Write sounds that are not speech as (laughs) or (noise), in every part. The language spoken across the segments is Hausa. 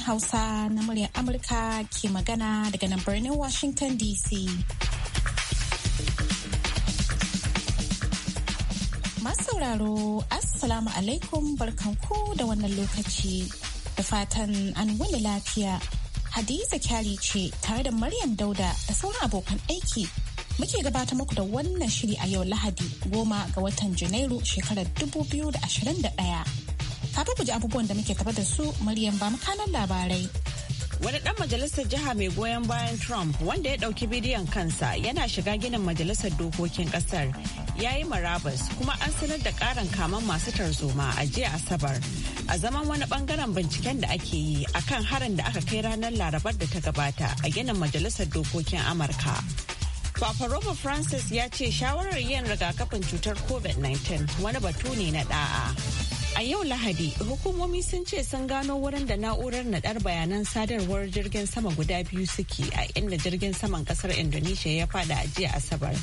sashen Hausa na muryar Amurka ke magana daga nan birnin Washington DC. Masu sauraro Assalamu alaikum barkanku da wannan lokaci da fatan an wani lafiya. Hadiza kyari ce tare da Maryam Dauda da sauran abokan aiki muke gabata muku da wannan shiri a yau Lahadi goma ga watan Janairu shekarar 2021. Kafin ku ji abubuwan da muke tafa da su maryam ba makanan labarai. Wani ɗan majalisar jiha mai goyon bayan Trump wanda ya ɗauki bidiyon kansa yana shiga ginin majalisar dokokin ƙasar ya yi marabas kuma an sanar da ƙarin kaman masu tarzoma a jiya Asabar a zaman wani ɓangaren binciken da ake yi a kan harin da aka kai ranar Larabar da ta gabata a ginin majalisar dokokin Amurka. Papa Roma Francis ya ce shawarar yin rigakafin cutar COVID-19 wani batu ne na ɗa'a. A yau Lahadi, hukumomi sun ce sun gano wurin da na'urar naɗar bayanan sadarwar jirgin sama guda biyu suke a inda jirgin saman kasar Indonesia ya fada a jiya Asabar,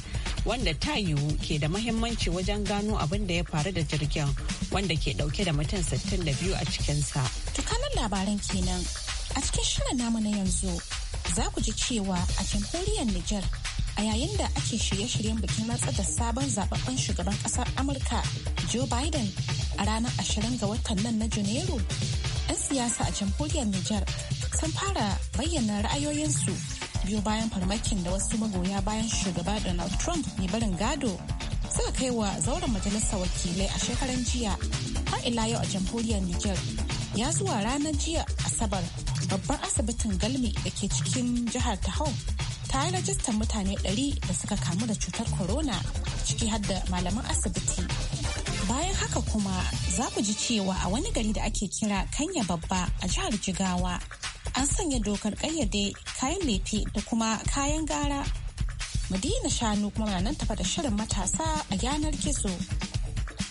wanda ta yiwu ke da mahimmanci wajen gano abin da ya faru da jirgin wanda ke dauke da mutum 62 a cikinsa. Tukanin labaran kenan a cikin shirin namu na yanzu za ku ji cewa a jamhuriyar Nijar a yayin da ake shirye-shiryen bikin rantsar da sabon zababben shugaban ƙasar Amurka Joe Biden a ranar 20 ga watan nan na Janairu, 'yan siyasa a jamhuriyar Nijar sun fara bayyana ra'ayoyinsu biyu bayan farmakin da wasu magoya bayan shugaba Donald Trump mai barin gado suka kai wa zauren majalisar wakilai a shekaran jiya har ila yau a jamhuriyar Nijar ya zuwa ranar jiya Asabar babban asibitin Galmi da ke cikin jihar taho ta yi rajistar mutane 100 da suka kamu da cutar corona ciki har da malaman asibiti. Bayan haka kuma za ku ji cewa a wani gari da ake kira Kanya Babba a jihar Jigawa an sanya dokar kayyade, kayan lefe da kuma kayan gara. Madina shanu kuma na nan tafa da shirin matasa a yanar gizo.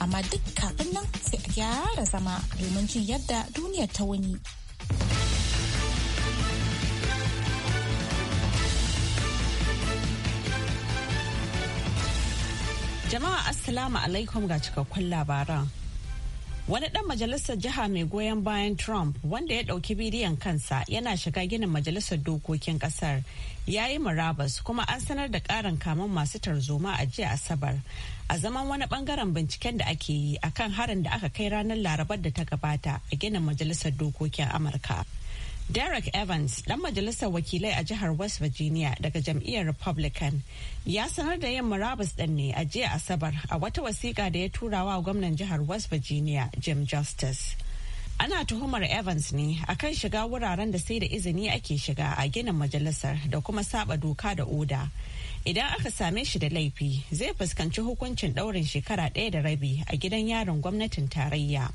Amma duk kafin nan sai a gyara zama domin jin yadda duniyar ta wuni. Jama'a Assalamu alaikum ga cikakkun labaran. Wani ɗan majalisar jiha mai goyon bayan Trump wanda ya ɗauki bidiyon kansa yana shiga ginin majalisar dokokin ƙasar ya yi murabas kuma an sanar da ƙarin kamun masu tarzoma a jiya Asabar a zaman wani ɓangaren binciken da ake yi akan harin da aka kai ranar larabar da ta gabata a ginin majalisar dokokin Amurka. Derek Evans, ɗan majalisar wakilai a jihar West Virginia daga jam'iyyar Republican, ya sanar da yin murabus ɗin ne a jiya Asabar a wata wasiƙa da ya tura wa gwamnan jihar West Virginia, Jim Justice. Ana tuhumar Evans ne akan shiga wuraren da sai da izini ake shiga a ginin majalisar da kuma saba doka da oda. Idan aka same shi da laifi, zai fuskanci hukuncin ɗaurin shekara ɗaya da rabi a gidan yaron gwamnatin tarayya.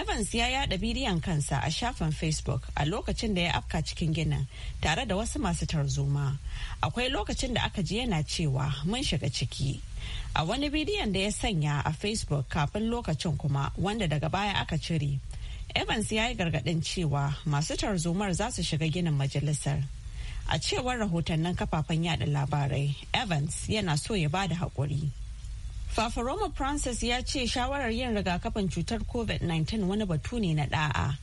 Evans ya yada bidiyon kansa a shafin Facebook a lokacin da ya afka cikin ginin tare da wasu masu tarzoma. Akwai lokacin da aka ji yana cewa mun shiga ciki. A wani bidiyon da ya sanya a Facebook kafin lokacin kuma wanda daga baya aka cire. Evans ya yi gargadin cewa masu tarzomar za su shiga ginin majalisar. A cewar rahotannin kafafen yada labarai, Evans yana so ya bada haƙuri. Fafaroma Francis ya ce shawarar yin rigakafin cutar COVID-19 wani batu ne na da'a.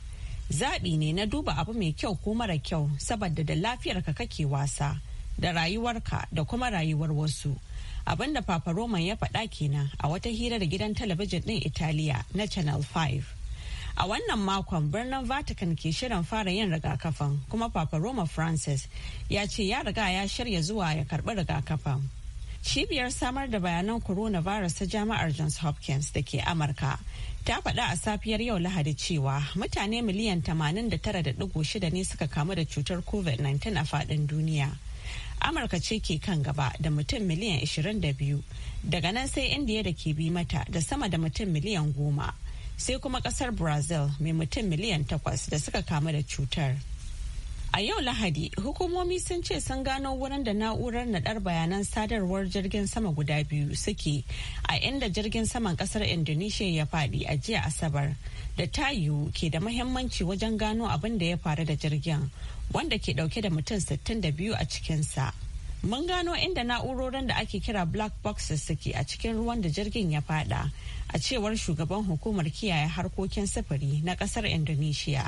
Zaɓi ne na duba abu mai kyau ko mara kyau saboda da lafiyarka kake wasa, da rayuwarka da kuma rayuwar wasu. Abin da Fafaroma ya faɗa kenan a wata hira da gidan talabijin ɗin Italiya na Channel 5. A wannan makon birnin Vatican ke shirin fara yin rigakafin kuma Papa Roma Francis ya ce ya riga ya shirya zuwa ya karɓi rigakafin. cibiyar samar da bayanan coronavirus ta jami'ar johns hopkins da ke amurka ta faɗa a safiyar yau lahadi cewa mutane miliyan 89.6 ne suka kamu da cutar covid-19 a faɗin duniya amurka ce ke kan gaba da mutum miliyan 22 daga nan sai indiya da ke bi mata da sama da mutum miliyan 10 sai kuma kasar brazil mai mutum miliyan 8 da suka kamu da cutar A yau Lahadi, hukumomi sun ce sun gano wurin da na'urar naɗar bayanan sadarwar jirgin sama guda biyu suke a inda jirgin saman ƙasar Indonesia ya faɗi a jiya Asabar da tayu ke da mahimmanci wajen gano abin da ya faru da jirgin wanda ke ɗauke da mutum 62 a cikinsa. Mun gano inda na'urorin da ake kira black boxes suke a cikin ruwan da jirgin ya faɗa a cewar shugaban hukumar kiyaye harkokin sufuri na ƙasar Indonesia.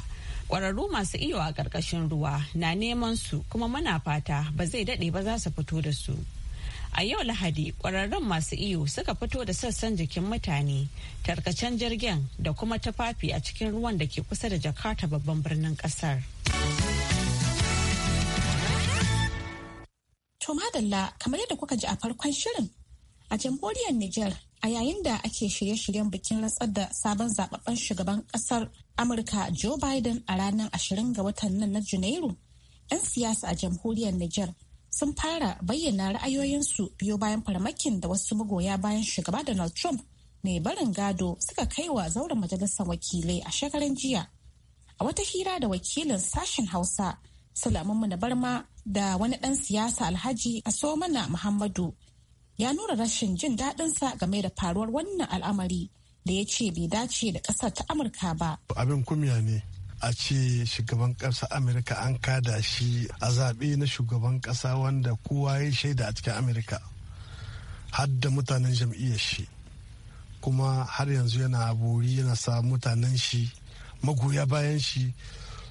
Kwararru masu iyo a ƙarƙashin ruwa na neman su kuma mana fata ba zai daɗe ba za su fito da su. A yau Lahadi ƙwararrun masu iyo suka fito da sassan jikin mutane, tarkacen jirgin da kuma tufafi a cikin ruwan da ke kusa da Jakarta babban birnin ƙasar. To madalla kamar yadda kuka ji a farkon shirin a jamhuriyar Nijar a yayin da ake shirye-shiryen bikin ratsar da sabon zababben shugaban kasar amurka joe biden a ranar ashirin ga watan nan na janairu 'yan siyasa a jamhuriyar niger sun fara bayyana ra'ayoyinsu biyo bayan farmakin da wasu magoya bayan shugaba donald trump mai barin gado suka kai wa zauren majalisar wakilai a shekaran jiya a wata hira da wakilin sashen hausa mu na barma da wani ɗan siyasa alhaji a mana muhammadu ya nuna rashin jin daɗinsa game da faruwar wannan al'amari da ya ce bai dace da ƙasar ta amurka ba abin kumya ne a ce shugaban ƙasa amurka an kada shi a zaɓe na shugaban ƙasa wanda kowa ya shaida a cikin amurka har da mutanen jam'iyyar shi kuma har yanzu yana abori yana sa mutanen shi magoya bayan shi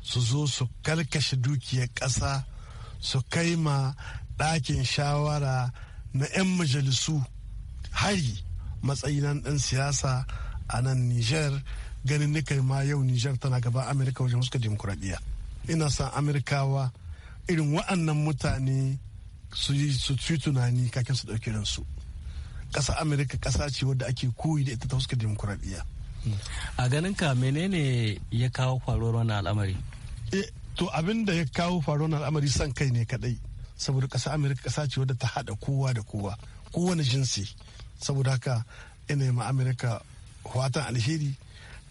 su zo su karkashe dukiyar ƙasa su kai ma ɗakin shawara na 'yan majalisu hari matsayinan ɗan siyasa a nan niger ganin nika ma yau niger tana gaba amurka wajen suka demokuraɗiyya ina son amurkawa irin wa'annan mutane su yi su tunani kakin su ɗauki ransu ƙasa amurka ƙasa ce wadda ake koyi da ita ta fuskar demokuraɗiyya a ganin ka menene ya kawo faruwar wannan al'amari eh, to abin da ya kawo faruwar al'amari son kai ne kadai saboda ƙasa amerika ƙasa ce wadda ta haɗa kowa da kowa kowane jinsi saboda haka ina ma amerika watan alheri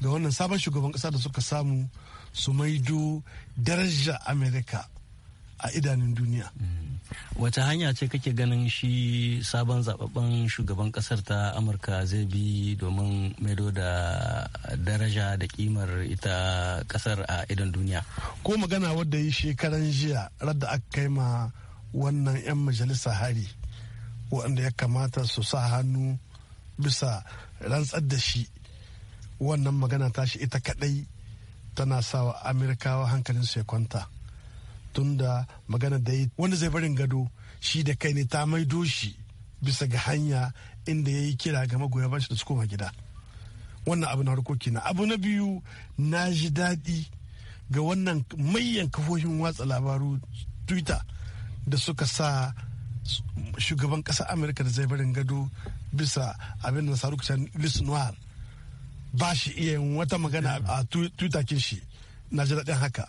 ga wannan sabon shugaban ƙasa da suka samu su maido daraja amerika a idanun duniya mm. wata hanya ce kake ganin shi sabon zababben shugaban kasar ta amurka zai bi domin maido da daraja da kimar ita kasar a idan duniya ko magana wadda yi shekaran jiya radda aka kai ma wannan 'yan majalisa hari waɗanda ya kamata su sa hannu bisa rantsar da shi wannan magana tashi ita kadai tana sawa amerikawa hankalin su ya kwanta tunda magana da yi wanda zai barin gado shi da kai ne ta maido shi bisa ga hanya inda ya yi kira ga magoya bashi da su koma gida wannan abu na harkoki na abu na biyu na ji daɗi ga wannan mayan kafofin watsa labaru twitter da suka sa shugaban ƙasar amurka da zai barin gado bisa abin da saru kusan lisnuwa ba shi iya yin wata magana a tutakin shi na ji daɗin haka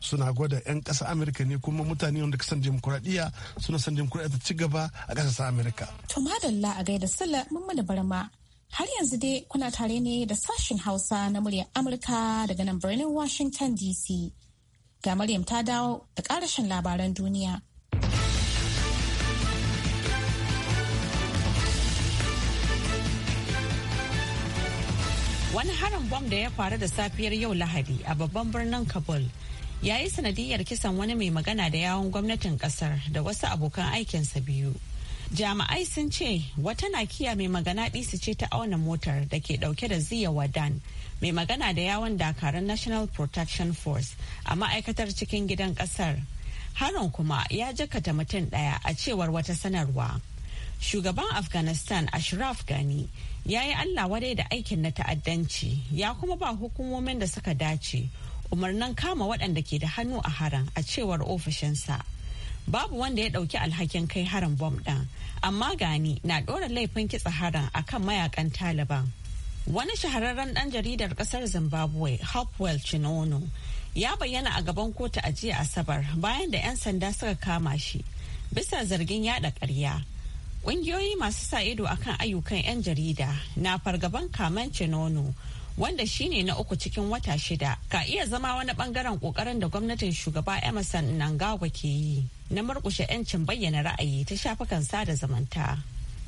suna gwada 'yan ƙasa amurka ne kuma mutane wanda kasan demokuraɗiyya suna san demokuraɗiyya ta ci gaba a ƙasar amurka. to madalla a gaida sula mana barma har yanzu dai kuna tare ne da sashen hausa na muryar amurka daga nan birnin washington dc ga maryam ta dawo da ƙarashin labaran duniya. wani harin bom da ya faru da safiyar yau lahadi a babban birnin kabul ya yi sanadiyar kisan wani mai magana da yawon gwamnatin kasar da wasu abokan aikinsa biyu jami'ai sun ce wata na nakiya mai magana ɗisi ce ta auna motar da ke ɗauke da ziya wadan mai magana da yawon dakarun national protection force a ma'aikatar cikin gidan ƙasar harin kuma ya jakata mutum ɗaya a cewar wata sanarwa shugaban afghanistan ashraf gani ya yi allah wadai da aikin na ta'addanci ya kuma ba hukumomin da suka dace umarnin kama waɗanda ke da hannu a haran a cewar ofishinsa babu wanda ya ɗauki alhakin kai harin bom ɗin amma gani na ɗora laifin kitsa harin kan mayakan taliban wani shahararren ɗan jaridar ƙasar zimbabwe hopewell chinono ya bayyana a gaban kotu a jiya asabar bayan da 'yan sanda suka kama shi bisa zargin yaɗa ƙarya Ƙungiyoyi masu sa ido kan ayyukan 'yan jarida na fargaban kaman nono wanda shine na uku cikin wata shida ka iya zama wani bangaren kokarin da gwamnatin shugaba emerson nangawa ke yi na murkushe 'yancin bayyana ra'ayi ta shafukan sada zamanta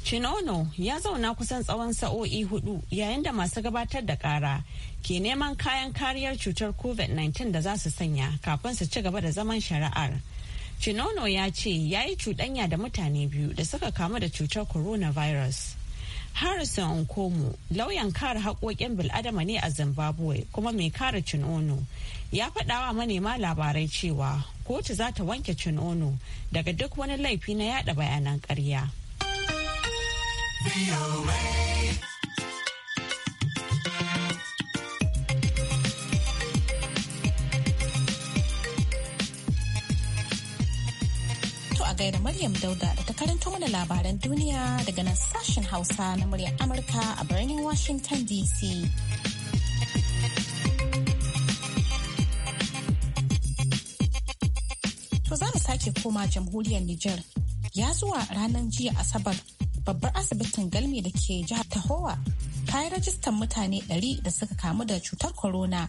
chinono ya zauna kusan tsawon sa'o'i hudu yayin da masu gabatar da kara ke neman kayan kariyar cutar covid-19 da za su sanya kafin su ci gaba da zaman shari'ar Chinono ya ce ya yi cuɗanya da mutane biyu da suka kamu da cutar coronavirus. Harrison Nkomo, lauyan kare haƙoƙin bil'adama ne a Zimbabwe kuma mai kare Chinono, ya faɗa wa manema labarai cewa kotu za ta wanke Chinono daga duk wani laifi na yaɗa bayanan ƙarya. gaida Maryam Dauda da ta karanto mana labaran duniya daga nan sashen Hausa na muryar Amurka a birnin Washington DC. To za mu sake koma jamhuriyar Nijar. Ya zuwa ranar jiya Asabar babbar asibitin Galmi da ke jihar Tahowa ta yi rajistar mutane 100 da suka kamu da cutar corona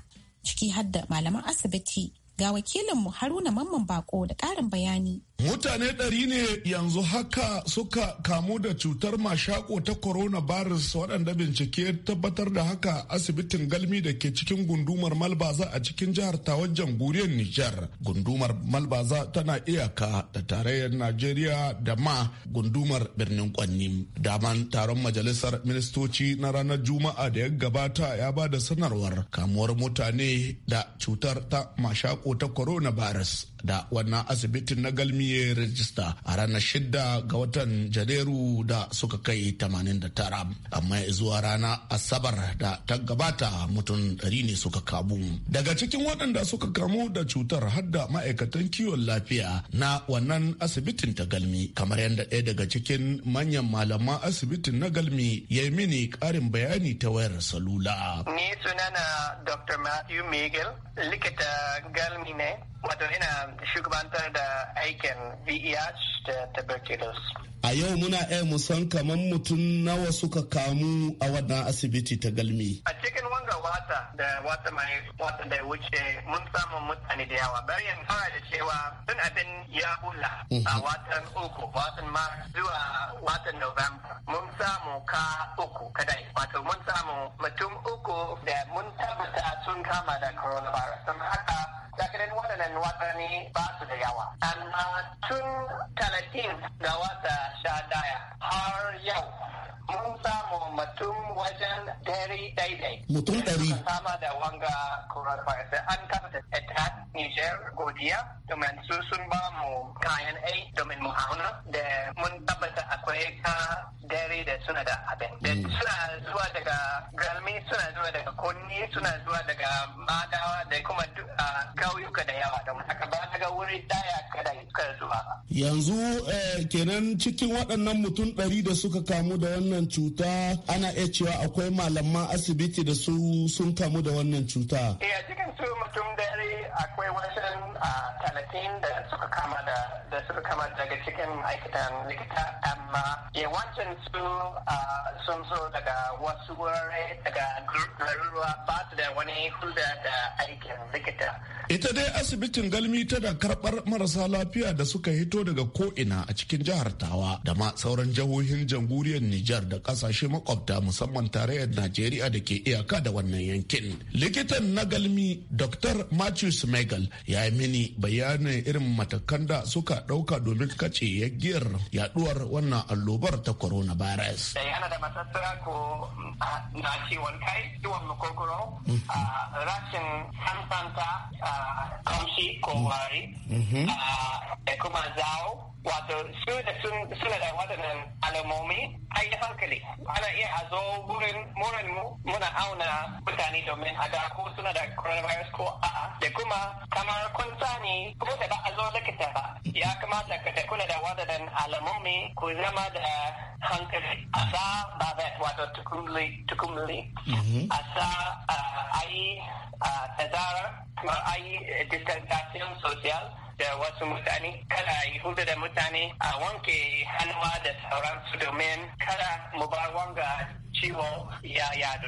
ciki hadda malaman asibiti ga wakilinmu Haruna Mamman Bako da ƙarin bayani. Mutane ɗari ne yanzu haka suka kamu da cutar mashako ta coronavirus waɗanda bincike tabbatar da haka asibitin galmi da ke cikin gundumar Malbaza a cikin jihar Tawan Guriyar Nijar. Gundumar Malbaza tana iyaka da tarayyar Najeriya da ma gundumar birnin Kwanni. Daman taron majalisar ministoci na ranar Juma'a da ya gabata ya ba da sanarwar kamuwar mutane da cutar ta mashako ta coronavirus da wannan asibitin na galmi ya rajista a ranar shida ga watan janairu da suka kai 89 amma zuwa rana asabar da ta gabata mutum ɗari ne suka kamu daga cikin waɗanda suka kamu da cutar hadda ma'aikatan kiwon lafiya na wannan asibitin ta galmi kamar yadda ɗaya daga cikin manyan malaman asibitin na galmi ya yi mini ƙarin bayani ta wayar salula ni sunana dr matthew miguel likita galmi ne wato ina shugabantar da aikin E da tuberculosis. A yau muna iya musan kamar mutum nawa suka kamu a wannan asibiti ta galmi. A cikin wanga wata da wata mai wata da wuce mun samu mutane da yawa. Bari in fara da cewa tun abin ya bula a mhm. watan uku watan Mara zuwa watan November. Mun samu ka uku kadai. Wato mun samu mutum uku da mun tabbata sun kama da coronavirus. Sun haka ga waɗannan wasanni ba su da yawa amma tun talatin ga wata sha daya har yau mun samu mutum wajen dari daidai. Mutum dari. Sama da wanga coronavirus an kasa etat Niger godiya domin su sun ba mu kayan A domin mu hauna da mun tabbata akwai ka dari da suna da abin. Da hmm. suna zuwa daga galmi suna zuwa daga kunni suna zuwa daga madawa da kuma ah, kauyuka da yawa don haka ba ta ga wurin daya kada kada zuwa yanzu eh, kenan cikin waɗannan mutum ɗari da suka kamu da wannan cuta ana iya cewa akwai malaman asibiti da su sun kamu da wannan cuta eh cikin su mutum ɗari akwai a talatin da suka kama da da suka kama daga cikin ma'aikatan likita amma yawancin su sun zo daga wasu wurare daga garuruwa ba su da wani hulɗa da aikin likita. Ita dai asibitin galmi tana karɓar marasa lafiya da suka hito daga ko'ina a cikin jihar Tawa da ma sauran jihohin jamhuriyar Nijar da ƙasashe makwabta musamman tarayyar Najeriya da ke iyaka da wannan yankin. Likitan na galmi Dr. Matthew Smegal Senegal ya yi mini bayanin irin matakan da suka ɗauka domin kace yaggiyar yaduwar wannan allobar ta coronavirus. Eh, Ana da matattara ko ah, na ciwon kai, ciwon makogoro, mm-hmm. ah, rashin sansanta ah, kamshi ko mm-hmm. wari, mm-hmm. da kuma zawo, wato su da suna da waɗannan alamomi, ai hankali. Ana iya zo gurin moran mu muna auna mutane domin a ko suna da coronavirus ko a'a da kuma kamar kun sani ko da ba a zo likita ba ya kamata ka kula da wadannan alamomi ko zama da hankali a sa ba wato tukumli mhm. a sa a yi tazara kuma a yi distanciation social da wasu mutane kada yi hulɗa da mutane a wanke hannuwa da sauransu domin kada mu ba wanga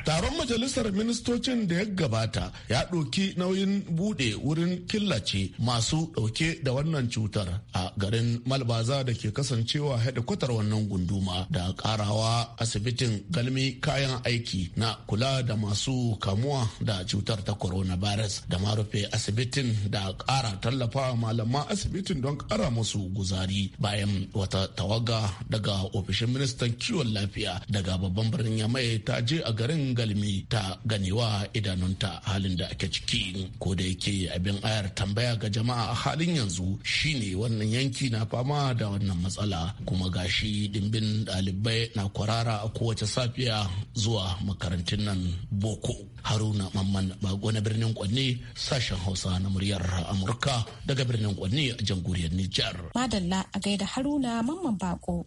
taron majalisar ministocin da ya gabata ya ɗauki nauyin buɗe wurin killace masu ɗauke da wannan cutar a garin malbaza da ke kasancewa hedikwatar wannan gunduma da karawa asibitin galmi kayan aiki na kula da masu kamuwa da cutar ta coronavirus da marufe asibitin da ƙara tallafa malaman asibitin don ƙara masu guzari bayan wata tawaga daga ofishin ministan kiwon lafiya daga babban birnin birnin mai ta je a garin Galmi ta ganewa idanunta halin da ake ciki. Ko da yake abin ayar tambaya ga jama'a a halin yanzu shine wannan yanki na fama da wannan matsala kuma gashi dimbin ɗalibai na kwarara a kowace safiya zuwa makarantun nan boko. Haruna Mamman Bago na birnin Kwanne sashen Hausa na muryar Amurka daga birnin Kwanne a jamhuriyar Nijar. Madalla a gaida Haruna Mamman Bako.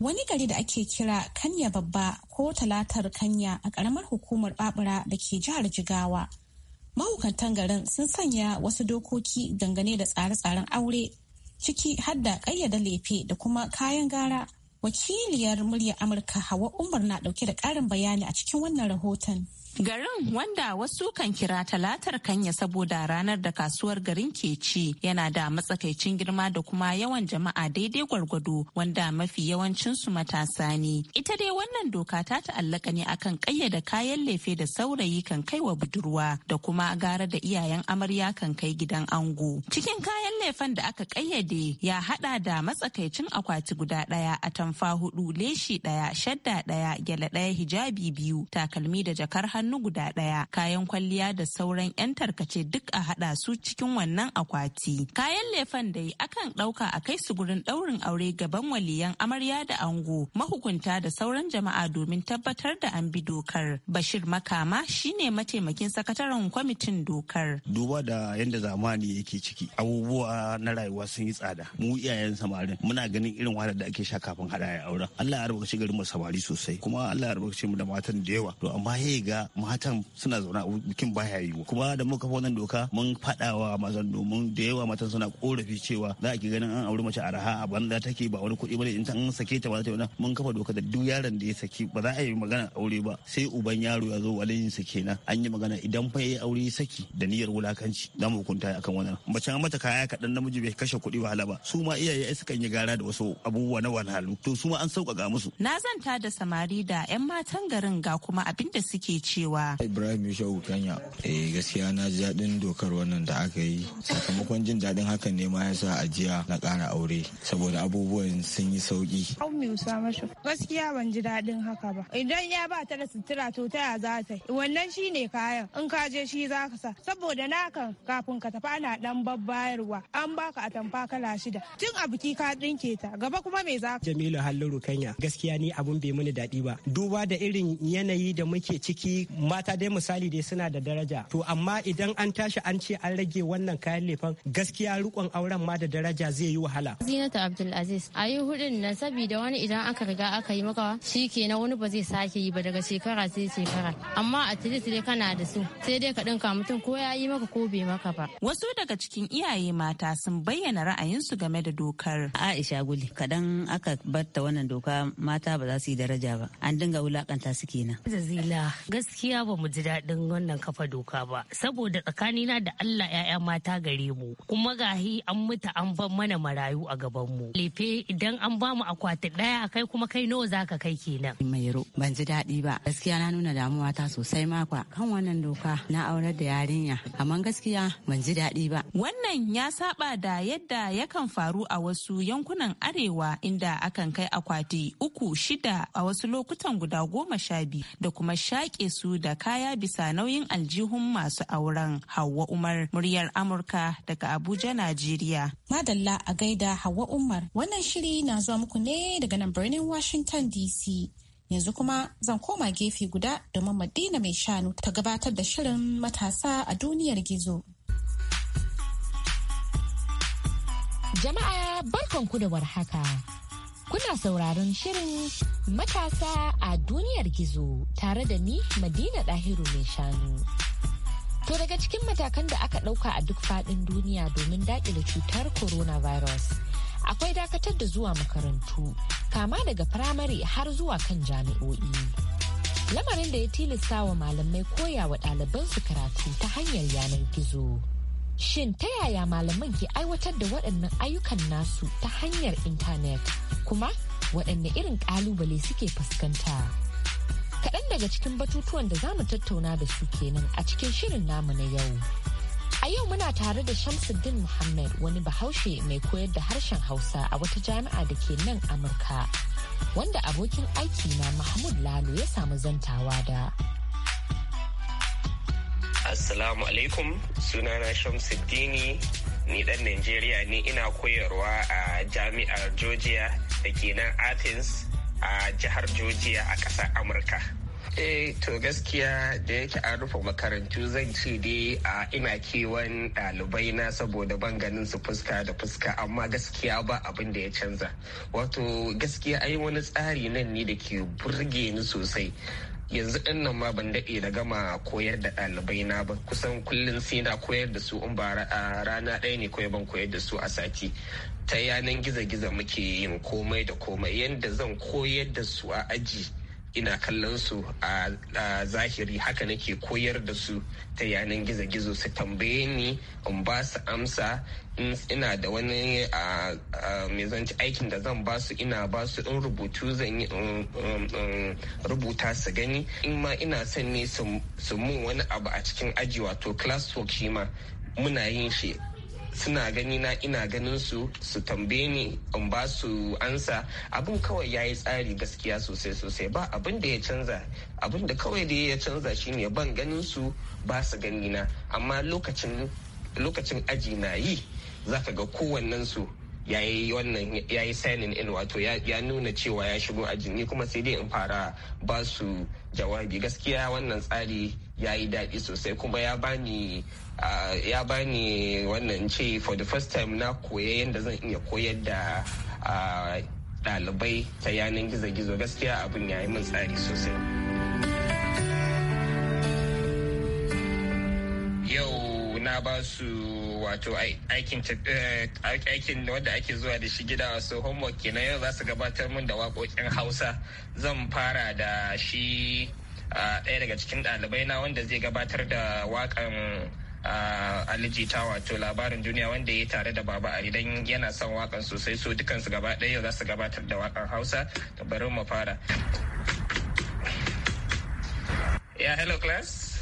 wani gari da ake kira kanya babba ko talatar kanya a ƙaramar hukumar babura da ke jihar jigawa mahukantan garin sun sanya wasu dokoki dangane da tsare-tsaren aure ciki har da ƙayyada lefe da kuma kayan gara wakiliyar muryar amurka hawa umar na ɗauke da ƙarin bayani a cikin wannan rahoton Garin wanda wasu kan kira talatar kanya saboda ranar da kasuwar garin ke ci yana da matsakaicin girma da kuma yawan jama'a daidai gwargwado wanda mafi yawancinsu matasa ne. Ita dai wannan doka ta ta'allaka ne akan kayyada kayan lefe da saurayi kan kai wa budurwa da kuma gara da iyayen amarya kan kai gidan ango. Cikin kayan lefen da aka kayyade ya hada da matsakaicin akwati guda daya atamfa hudu leshi ɗaya shadda ɗaya gyale ɗaya hijabi biyu takalmi da jakar hannu hannu guda ɗaya kayan kwalliya da sauran 'yan tarkace duk a haɗa su cikin wannan akwati kayan lefan da yi akan ɗauka a kai su gurin ɗaurin aure gaban waliyan amarya da ango mahukunta da sauran jama'a domin tabbatar da an bi dokar bashir makama shine mataimakin sakataren kwamitin dokar duba da yadda zamani yake ciki abubuwa na rayuwa sun yi tsada mu iyayen samarin muna ganin irin wahalar da ake sha kafin hada ya aure. Allah ya albarkaci garin mu samari sosai kuma Allah ya albarkaci mu da matan da yawa to amma hega matan suna zauna a bikin baya yi kuma da muka wannan doka mun fadawa mazan domin da yawa matan suna korafi cewa za a ki ganin an auri mace araha a banza take ba wani kuɗi bane in ta an sake ta ba ta mun kafa doka da duk yaron da ya saki ba za a yi magana aure ba sai uban yaro ya zo waliyin sa kenan an yi magana idan fa ya yi aure saki da niyyar wulakanci za mu hukunta akan wannan mace an mata kaya kaɗan namiji bai kashe kuɗi wahala ba su ma iyaye sukan yi gara da wasu abubuwa na wahalhalu to su ma an sauƙaƙa musu na zanta da samari da 'yan matan garin ga kuma abin da suke ci cewa Ibrahim Yushau Kanya eh gaskiya na ji daɗin dokar wannan da aka yi sakamakon jin daɗin hakan ne ma yasa ajiya na ƙara aure saboda abubuwan sun yi sauƙi. Gaskiya ban ji daɗin haka ba. Idan ya ba ta da sutura to ta ya za ta yi. Wannan shi ne kayan in ka je shi za ka sa. Saboda nakan kafin ka tafi ana ɗan babbayarwa an baka atamfa kala shida. Tun a biki ka ɗinke ta gaba kuma me za ka. Jamilu Halliru Kanya gaskiya ni abun bai mini daɗi ba. Duba da irin yanayi da muke ciki mata dai misali dai suna da daraja to amma idan an tashi an ce an rage wannan kayan lefan gaskiya rikon auren ma da daraja zai yi wahala zinata abdulaziz a yi hudun nan saboda wani idan aka riga aka yi maka shi na wani ba zai sake yi ba daga shekara sai shekara amma a dai kana da su sai dai ka dinka mutum ko ya yi maka ko bai maka ba wasu daga cikin iyaye mata sun bayyana ra'ayin su game da dokar aisha guli kadan aka ta wannan doka mata ba za su yi daraja ba an dinga wulakanta su kenan zazila gaskiya gaskiya ba mu ji daɗin wannan kafa doka ba saboda tsakanina da Allah ya'ya mata gare mu kuma gahi an mutu an ban mana marayu a gaban mu lefe idan an ba mu akwati ɗaya kai kuma kai nawa zaka kai kenan mai ban ji daɗi ba gaskiya na nuna damuwa ta sosai makwa kan wannan doka na aurar da yarinya amma gaskiya ban ji daɗi ba wannan ya saba da yadda yakan faru a wasu yankunan arewa inda akan kai akwati uku shida a wasu lokutan guda goma sha biyu da kuma shaƙe su su da kaya bisa nauyin aljihun masu auren Hauwa Umar muryar Amurka daga Abuja, Najeriya. Madalla a gaida Hauwa Umar. Wannan shiri na zuwa muku ne daga nan birnin Washington DC. Yanzu kuma zan koma gefe guda domin Madina mai shanu ta gabatar da shirin matasa a duniyar gizo. Jama'a barkanku da warhaka. Kuna sauraron shirin matasa a duniyar gizo tare da ni Madina Dahiru mai shanu. To daga cikin matakan da aka ɗauka a duk faɗin duniya domin daƙile cutar coronavirus. Akwai dakatar da zuwa makarantu, kama daga firamare har zuwa kan jami'o'i. Lamarin da ya tilasta wa malamai koya wa ɗalibansu karatu ta hanyar yanar gizo. Shin ta yaya malaman ke aiwatar da waɗannan ayyukan nasu ta hanyar intanet kuma waɗanne irin ƙalubale suke fuskanta? Kaɗan daga cikin batutuwan da za mu tattauna da su kenan a cikin shirin namu na yau. A yau muna tare da Shamsuddin Muhammad wani bahaushe mai koyar da harshen Hausa a wata jami'a da ke nan Amurka, wanda abokin aiki na Mahmud Lalo ya samu zantawa da. Assalamu alaikum sunana Shamsuddini ni dan Najeriya ne ina koyarwa a jami'ar Georgia da ke nan Athens a jihar Georgia a ƙasar Amurka. Eh to gaskiya da yake an rufe makarantu zan ce dai a ina kewan ɗalibai na saboda ban ganin su fuska da fuska amma gaskiya ba abin da ya canza. Wato gaskiya ai wani tsari nan ne da ke burge ni sosai. yanzu ɗin nan ma ban daɗe da gama koyar da ɗalibai na ba kusan kullum sai na koyar da su in ba a rana ɗaya ne kawai ban koyar da su a sati ta yanan gizo-gizo muke yin komai da komai yadda zan koyar da su a aji ina kallon su a zahiri haka nake koyar da su ta yanan gizo-gizo su tambaye ni in ba su amsa ina da wani a mai zanci aikin da zan ba su ina ba su in rubutu zan yi rubuta su gani in ma ina son ne su mun wani abu a cikin aji wato classwork shi ma muna yin shi suna gani na ina ganin su su tambaye ni in ba su ansa abin kawai ya yi tsari gaskiya sosai sosai ba abin da ya canza abin da kawai da ya canza shi ne ban ganin su ba su gani na amma lokacin lokacin aji na yi za ka ga kowannensu ya yi wannan ya yi signing in wato ya nuna cewa ya shigo a jini kuma sai dai in fara ba su jawabi gaskiya wannan tsari ya yi daɗi sosai kuma ya bani ya bani wannan ce for the first time na koya yadda zan iya koyar da ɗalibai ta yanar gizo-gizo gaskiya abin ya yi min tsari sosai. ba su wato aikin eh, aikin wanda ake zuwa da shi gida wasu homework kenan yau za su gabatar mun da waƙoƙin hausa zan fara da shi ɗaya daga cikin ɗalibai na wanda zai gabatar da waƙan alijita wato labarin duniya wanda ya tare da baba a idan yana son waƙan sosai so su gaba ɗaya za su gabatar da waƙan hausa da bari mu fara ya hello class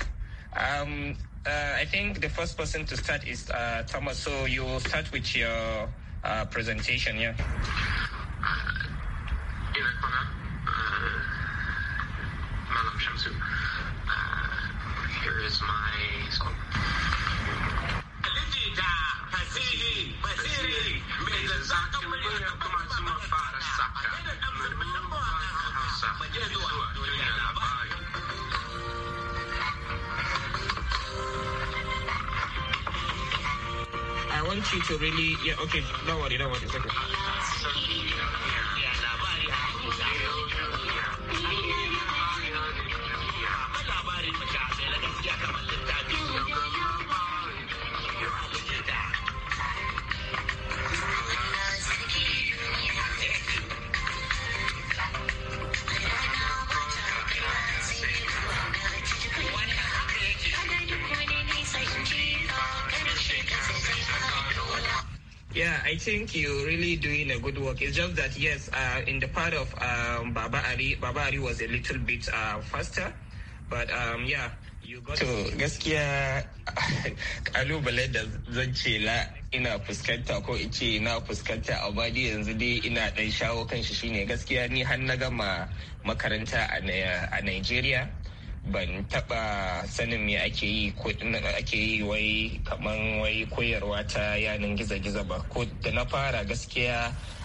um, Uh, I think the first person to start is uh, Thomas. So you start with your uh, presentation, yeah. to really, yeah, okay, don't worry, don't worry, it's okay. Yeah, I think you're really doing a good work. It's just that, yes, uh, in the part of um, Baba Ari, Baba Ari was a little bit uh, faster. But um, yeah, you got to. gaskiya (laughs) kalubale da zan ce la ina fuskanta ko in ce na fuskanta a badi yanzu dai ina dan shawo kan shi shine gaskiya ni har na gama makaranta a Nigeria. ban taba sanin me ake yi ko ake yi wai kaman wai koyarwa ta yanin gizo-gizo ba ko da na fara gaskiya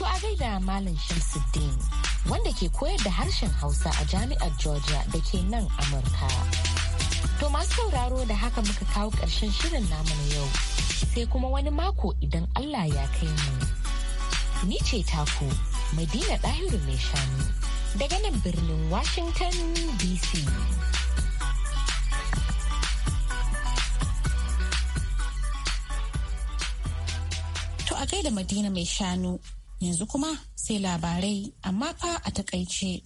To a gaida Malam Shamsuddin wanda ke koyar da harshen Hausa a jami'ar Georgia da ke nan Amurka. To masu sauraro da haka muka kawo ƙarshen shirin namu na yau sai kuma wani mako idan Allah ya kai mu. Ni ce taku Madina Ɗahiru mai shanu daga nan birnin Washington DC. To a gaida Madina mai shanu Yanzu kuma sai labarai amma fa a takaice.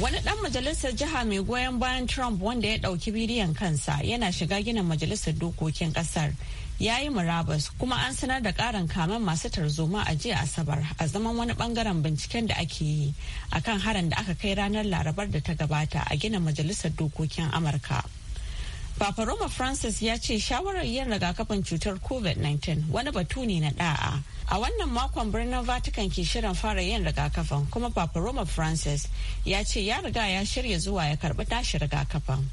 Wani ɗan majalisar jiha mai goyon bayan Trump wanda ya ɗauki bidiyon kansa yana shiga ginin majalisar dokokin ƙasar. Ya yi murabus kuma an sanar da ƙarin kamen masu tarzoma a jiya Asabar a zaman wani ɓangaren binciken da ake yi akan harin da aka kai ranar Larabar da ta gabata a ginin majalisar dokokin Amurka. Papa Roma Francis ya ce shawarar yin rigakafin cutar COVID-19 wani batu ne na da'a. A wannan makon birnin Vatican ke shirin fara yin rigakafin kuma Papa Roma Francis ya ce ya riga ya shirya zuwa ya karbi tashi rigakafin.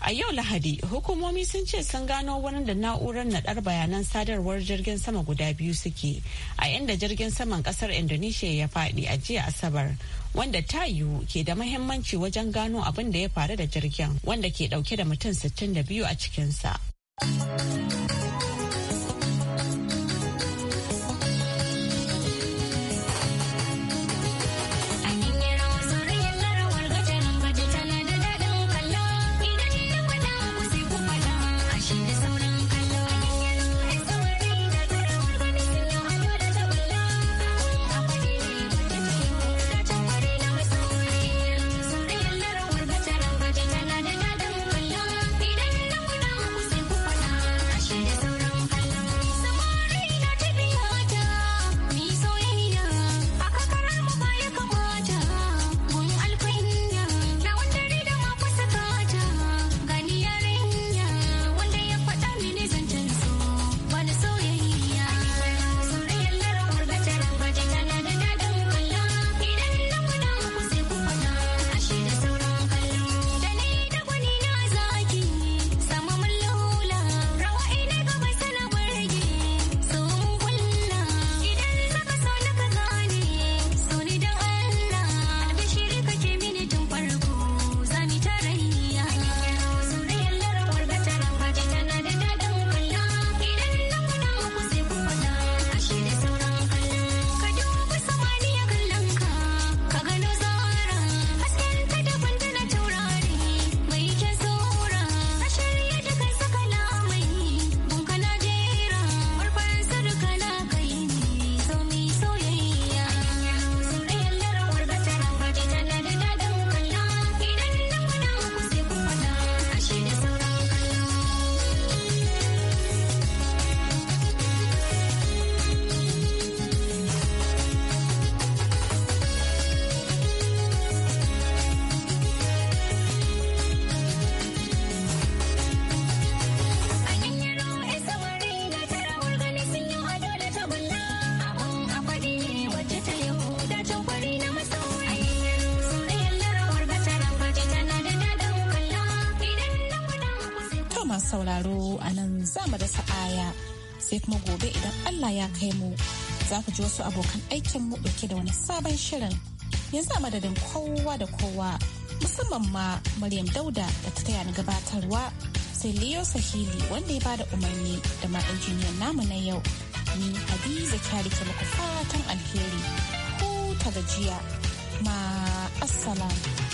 A yau Lahadi, hukumomi sun ce sun gano wani da na'urar naɗar bayanan sadarwar jirgin sama guda biyu suke a inda jirgin saman ƙasar Indonesia ya faɗi a jiya Asabar, wanda ta yiwu ke da mahimmanci wajen gano abin da ya faru da jirgin wanda ke ɗauke da mutum 62 a cikinsa. sauraro a nan za mu dasa aya sai kuma gobe idan Allah ya kai mu za ku ji wasu abokan aikin mu ɗauke da wani sabon shirin yanzu a madadin kowa da kowa musamman ma Maryam Dauda da ta taya gabatarwa sai Leo Sahili wanda ya bada umarni da ma injiniyan namu na yau ni Hadiza Kyari ke muku fatan alheri ko ta gajiya ma assalamu